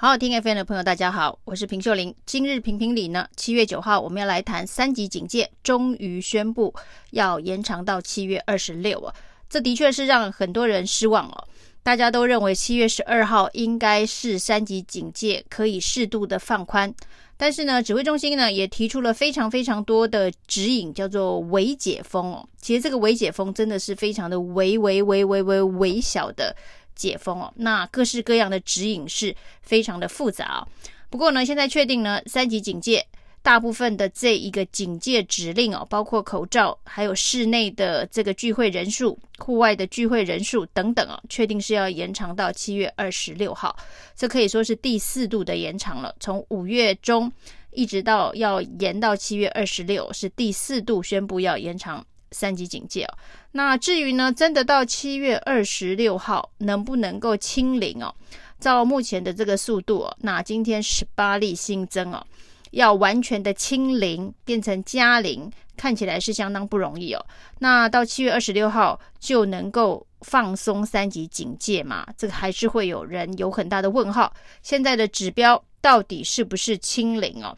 好好聽 FM 的朋友，大家好，我是平秀玲。今日評評理呢，七月九號，我們要來談三級警戒，終於宣布要延長到七月二十六啊。這的確是讓很多人失望哦。大家都認為七月十二號應該是三級警戒可以適度的放寬，但是呢，指揮中心呢也提出了非常非常多的指引，叫做微解封哦。其實這個微解封真的是非常的微微微微微微，微小的。解封哦，那各式各樣的指引是非常的複雜哦。不過呢，現在確定呢，三級警戒，大部分的這一個警戒指令哦，包括口罩，還有室內的這個聚會人數、戶外的聚會人數等等哦，確定是要延長到七月二十六號。這可以說是第四度的延長了，從五月中一直到要延到七月二十六，是第四度宣布要延長。三級警戒哦，那至於呢，真的到七月二十六號能不能夠清零哦？照目前的這個速度哦，那今天十八例新增哦，要完全的清零變成加零，看起來是相當不容易哦。那到七月二十六號就能夠放鬆三級警戒嗎？這個還是會有人有很大的問號。現在的指標到底是不是清零哦？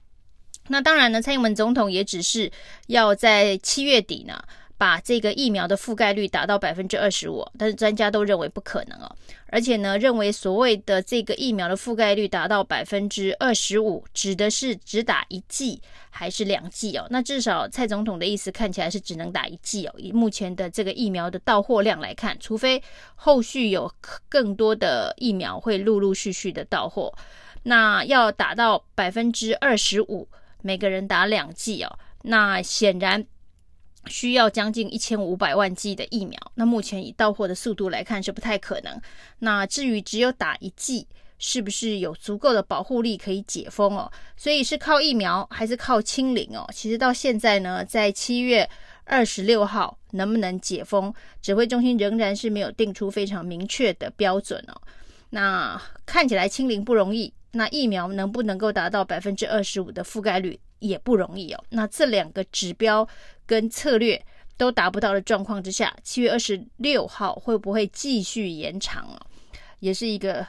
那當然呢，蔡英文總統也只是要在七月底呢。把這個疫苗的覆蓋率達到百分之二十五，但是專家都認為不可能哦。而且呢，認為所謂的這個疫苗的覆蓋率達到百分之二十五，指的是只打一劑還是兩劑哦？那至少蔡總統的意思看起來是只能打一劑哦。以目前的這個疫苗的到貨量來看，除非後續有更多的疫苗會陸陸續續的到貨，那要達到百分之二十五，每個人打兩劑哦，那顯然。需要將近一千五百萬劑的疫苗，那目前以到貨的速度來看，是不太可能。那至於只有打一劑，是不是有足夠的保護力可以解封哦？所以是靠疫苗還是靠清零哦？其實到現在呢，在七月二十六號能不能解封，指揮中心仍然是沒有定出非常明確的標準哦。那看起來清零不容易。那疫苗能不能夠達到百分之二十五的覆蓋率也不容易哦。那這兩個指標跟策略都達不到的狀況之下，七月二十六號會不會繼續延長哦，也是一個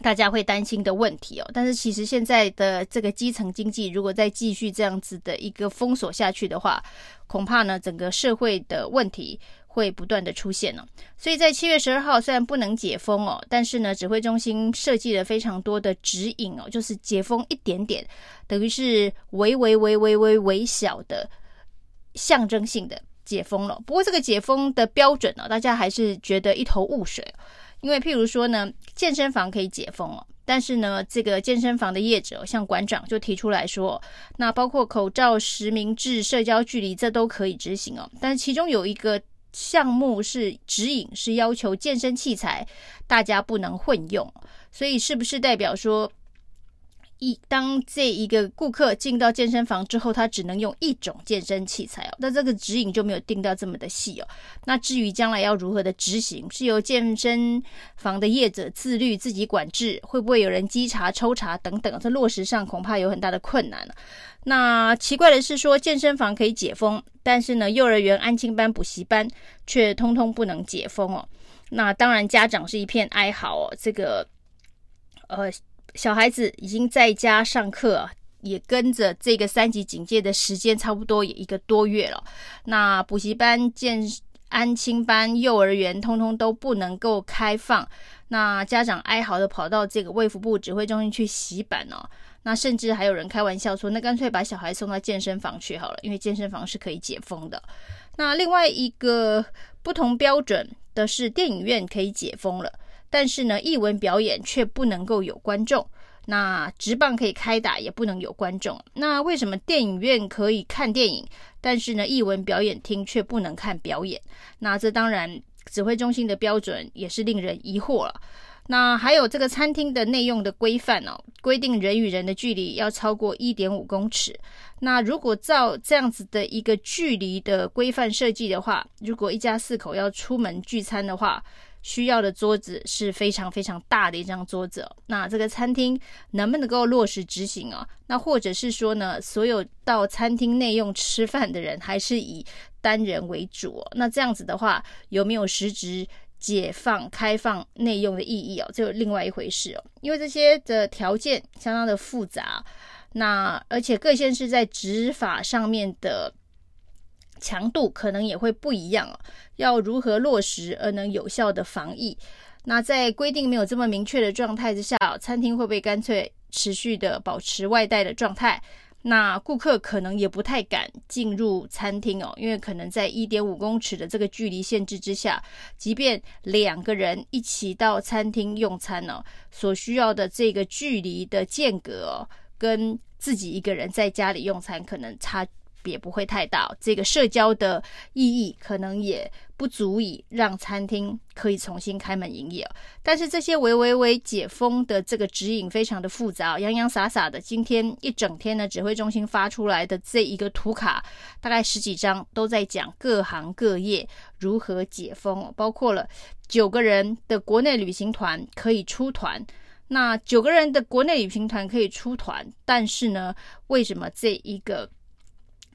大家會擔心的問題哦。但是其實現在的這個基層經濟，如果再繼續這樣子的一個封鎖下去的話，恐怕呢整個社會的問題。會不斷的出現呢、哦，所以在七月十二號雖然不能解封哦，但是呢，指揮中心設計了非常多的指引哦，就是解封一點點，等於是微微微微微微微小的象徵性的解封了、哦。不過這個解封的標準呢、哦，大家還是覺得一頭霧水，因為譬如說呢，健身房可以解封哦，但是呢，這個健身房的業者、哦、像館長就提出來說，那包括口罩、實名制、社交距離，這都可以執行哦，但是其中有一個。項目是指引，是要求健身器材，大家不能混用，所以是不是代表說，一當這一個顧客進到健身房之後，他只能用一種健身器材哦。那這個指引就沒有定到這麼的細哦。那至於將來要如何的執行，是由健身房的業者自律自己管制，會不會有人稽查抽查等等？這在落實上恐怕有很大的困難啊。那奇怪的是說，健身房可以解封，但是呢，幼兒園、安親班、補習班卻通通不能解封哦。那當然，家長是一片哀嚎哦。這個，呃。小孩子已經在家上課，也跟着這個三級警戒的時間差不多也一個多月了。那補習班、健安親班、幼兒園，通通都不能夠開放。那家長哀嚎的跑到這個衛福部指揮中心去洗版哦。那甚至還有人開玩笑說，那乾脆把小孩送到健身房去好了，因為健身房是可以解封的。那另外一個不同標準的是，電影院可以解封了。但是呢，藝文表演卻不能夠有觀眾，那職棒可以開打，也不能有觀眾。那為什麼電影院可以看電影，但是呢，藝文表演廳卻不能看表演？那這當然，指揮中心的標準也是令人疑惑了。那還有這個餐廳的內用的規範哦，規定人與人的距離要超過一點五公尺。那如果照這樣子的一個距離的規範設計的話，如果一家四口要出門聚餐的話，需要的桌子是非常非常大的一張桌子哦，那這個餐廳能不能夠落實執行哦？那或者是說呢，所有到餐廳內用吃飯的人還是以單人為主哦？那這樣子的話，有沒有實質解放、開放內用的意義哦？這有另外一回事哦，因為這些的條件相當的複雜，那而且各縣市在執法上面的。強度可能也會不一樣哦，要如何落實而能有效的防疫？那在規定沒有這麼明確的狀態之下哦，餐廳會不會乾脆持續的保持外帶的狀態？那顧客可能也不太敢進入餐廳哦，因為可能在一點五公尺的這個距離限制之下，即便兩個人一起到餐廳用餐哦，所需要的這個距離的間隔哦，跟自己一個人在家裡用餐可能差。也不會太大，這個社交的意義可能也不足以讓餐廳可以重新開門營業。但是這些微微微解封的這個指引非常的複雜，洋洋灑灑的，今天一整天呢，指揮中心發出來的這一個圖卡，大概十幾張，都在講各行各業如何解封，包括了九個人的國內旅行團可以出團，那九個人的國內旅行團可以出團，但是呢，為什麼這一個？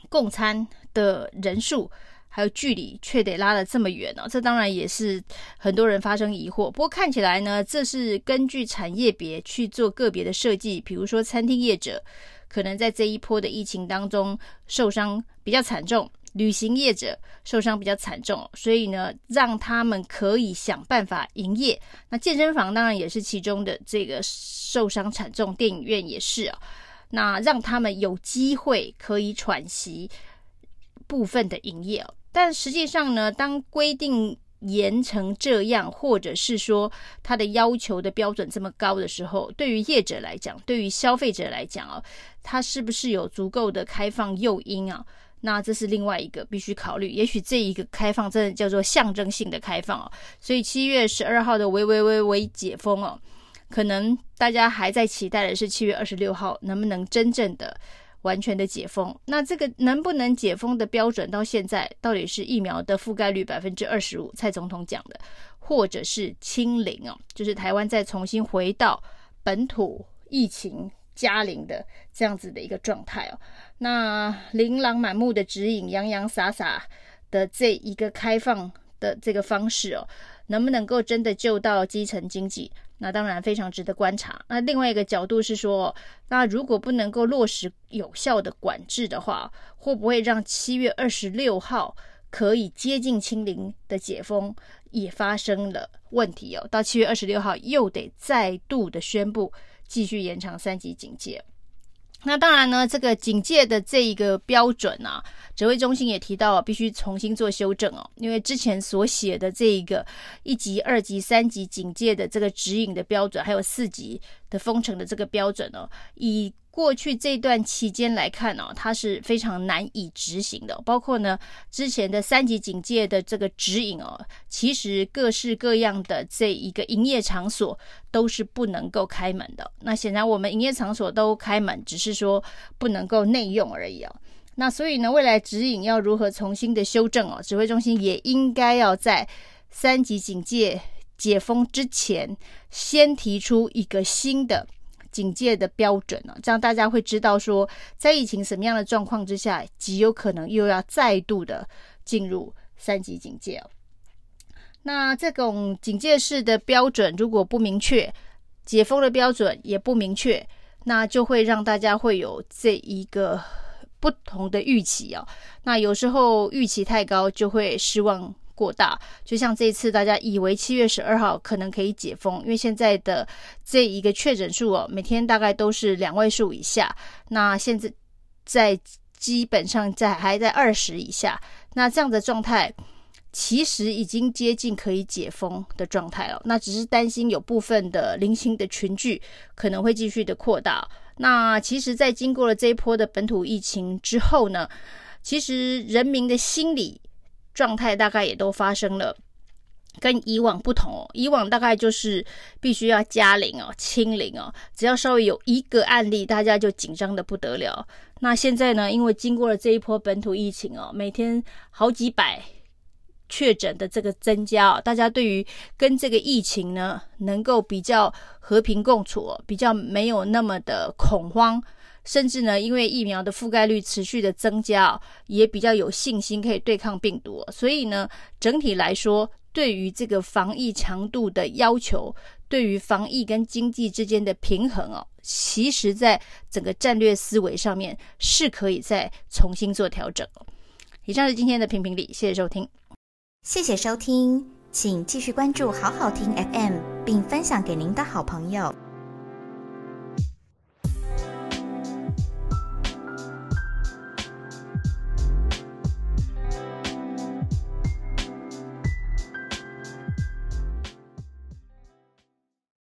共餐的人數還有距離，卻得拉得這麼遠哦。這當然也是很多人發生疑惑。不過看起來呢，這是根據產業別去做個別的設計。比如說，餐廳業者可能在這一波的疫情當中受傷比較慘重，旅行業者受傷比較慘重，所以呢，讓他們可以想辦法營業。那健身房當然也是其中的這個受傷慘重，電影院也是哦、啊。那讓他們有機會可以喘息部分的營業，哦，但實際上呢，當規定嚴成這樣，或者是說他的要求的標準這麼高的時候，對於業者來講，對於消費者來講啊，哦，他是不是有足夠的開放誘因啊？那這是另外一個必須考慮。也許這一個開放真的叫做象徵性的開放哦。所以七月十二號的微微微微解封哦。可能大家還在期待的是七月二十六號能不能真正的完全的解封？那這個能不能解封的標準到現在到底是疫苗的覆蓋率百分之二十五？蔡總統講的，或者是清零哦，就是台灣再重新回到本土疫情加零的這樣子的一個狀態哦。那琳琅滿目的指引，洋洋灑灑的這一個開放的這個方式哦。能不能夠真的救到基層經濟？那當然非常值得觀察。那另外一個角度是說，那如果不能夠落實有效的管制的話，會不會讓七月二十六號可以接近清零的解封也發生了問題哦？到七月二十六號又得再度的宣布繼續延長三級警戒。那當然呢，這個警戒的這一個標準啊，指揮中心也提到必須重新做修正哦，因為之前所寫的這一個一級、二級、三級警戒的這個指引的標準，還有四級。的封城的這個標準哦，以過去這段期間來看哦，它是非常難以執行的哦，包括呢之前的三級警戒的這個指引哦，其實各式各樣的這一個營業場所都是不能夠開門的。那顯然我們營業場所都開門，只是說不能夠內用而已哦。那所以呢，未來指引要如何重新的修正哦，指揮中心也應該要在三級警戒，解封之前，先提出一個新的警戒的標準哦、啊，這樣大家會知道說，在疫情什麼樣的狀況之下，極有可能又要再度的進入三級警戒哦、啊。那這種警戒式的標準如果不明確，解封的標準也不明確，那就會讓大家會有這一個不同的預期哦、啊。那有時候預期太高，就會失望。過大，就像這一次大家以為七月十二號可能可以解封，因為現在的這一個確診數哦，每天大概都是兩位數以下。那現在在基本上在還在二十以下，那這樣的狀態其實已經接近可以解封的狀態了。那只是擔心有部分的零星的群聚可能會繼續的擴大。那其實，在經過了這一波的本土疫情之後呢，其實人民的心理。狀態大概也都發生了，跟以往不同哦，以往大概就是必須要加零哦、清零哦，只要稍微有一個案例，大家就緊張得不得了。那現在呢，因為經過了這一波本土疫情哦，每天好幾百確診的這個增加哦，大家對於跟這個疫情呢，能夠比較和平共處，比較沒有那麼的恐慌。甚至呢，因為疫苗的覆蓋率持續的增加，也比較有信心可以對抗病毒，所以呢，整體來說，對於這個防疫強度的要求，對於防疫跟經濟之間的平衡哦，其實在整個戰略思維上面是可以再重新做調整。以上是今天的評評理，謝謝收聽。謝謝收聽，請繼續關注好好聽 FM，並分享給您的好朋友。